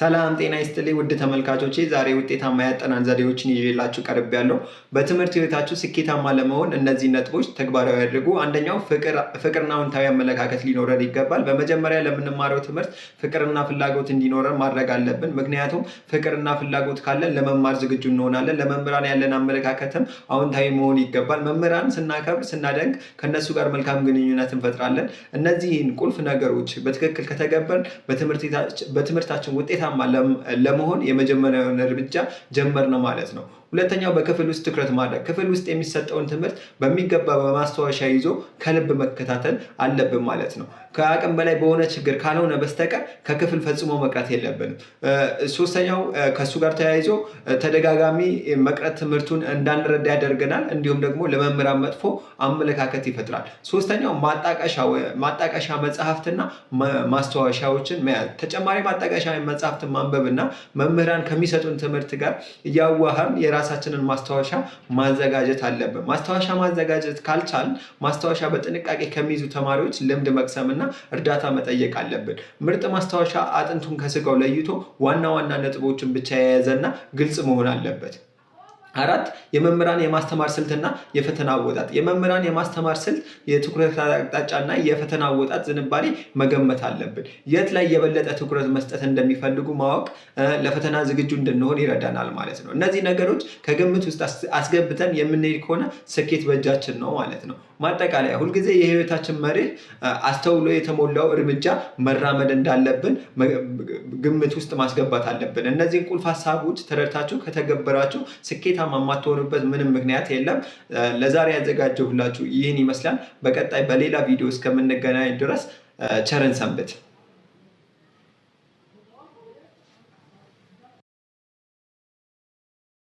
ሰላም ጤና ይስጥልኝ ውድ ተመልካቾቼ፣ ዛሬ ውጤታማ ያጠናን ዘዴዎችን ይዤላችሁ ያለው በትምህርት ህይወታችሁ ስኬታማ ለመሆን እነዚህ ነጥቦች ተግባራዊ ያድርጉ። አንደኛው ፍቅርና አዎንታዊ አመለካከት ሊኖረን ይገባል። በመጀመሪያ ለምንማረው ትምህርት ፍቅርና ፍላጎት እንዲኖረን ማድረግ አለብን። ምክንያቱም ፍቅርና ፍላጎት ካለን ለመማር ዝግጁ እንሆናለን። ለመምህራን ያለን አመለካከትም አዎንታዊ መሆን ይገባል። መምህራን ስናከብር፣ ስናደንቅ ከእነሱ ጋር መልካም ግንኙነት እንፈጥራለን። እነዚህን ቁልፍ ነገሮች በትክክል ከተገበርን በትምህርታችን ውጤታ ውጤታማ ለመሆን የመጀመሪያውን እርምጃ ጀመር ነው ማለት ነው። ሁለተኛው በክፍል ውስጥ ትኩረት ማድረግ፣ ክፍል ውስጥ የሚሰጠውን ትምህርት በሚገባ በማስታወሻ ይዞ ከልብ መከታተል አለብን ማለት ነው። ከአቅም በላይ በሆነ ችግር ካልሆነ በስተቀር ከክፍል ፈጽሞ መቅረት የለብንም። ሶስተኛው ከእሱ ጋር ተያይዞ ተደጋጋሚ መቅረት ትምህርቱን እንዳንረዳ ያደርገናል፣ እንዲሁም ደግሞ ለመምህራን መጥፎ አመለካከት ይፈጥራል። ሶስተኛው ማጣቀሻ መጽሐፍትና ማስታወሻዎችን መያዝ፣ ተጨማሪ ማጣቀሻ መጽሐፍትን ማንበብና መምህራን ከሚሰጡን ትምህርት ጋር እያዋሃን የራ የራሳችንን ማስታወሻ ማዘጋጀት አለብን። ማስታወሻ ማዘጋጀት ካልቻል ማስታወሻ በጥንቃቄ ከሚይዙ ተማሪዎች ልምድ መቅሰምና እርዳታ መጠየቅ አለብን። ምርጥ ማስታወሻ አጥንቱን ከስጋው ለይቶ ዋና ዋና ነጥቦችን ብቻ የያዘና ግልጽ መሆን አለበት። አራት የመምህራን የማስተማር ስልትና የፈተና አወጣጥ። የመምህራን የማስተማር ስልት የትኩረት አቅጣጫና የፈተና አወጣጥ ዝንባሌ መገመት አለብን። የት ላይ የበለጠ ትኩረት መስጠት እንደሚፈልጉ ማወቅ ለፈተና ዝግጁ እንድንሆን ይረዳናል ማለት ነው። እነዚህ ነገሮች ከግምት ውስጥ አስገብተን የምንሄድ ከሆነ ስኬት በእጃችን ነው ማለት ነው። ማጠቃለያ ሁልጊዜ የህይወታችን መርህ አስተውሎ የተሞላው እርምጃ መራመድ እንዳለብን ግምት ውስጥ ማስገባት አለብን። እነዚህን ቁልፍ ሀሳቦች ተረድታችሁ ከተገበራችሁ ስኬታማ የማትሆኑበት ምንም ምክንያት የለም። ለዛሬ ያዘጋጀሁላችሁ ይህን ይመስላል። በቀጣይ በሌላ ቪዲዮ እስከምንገናኝ ድረስ ቸርን ሰንብት።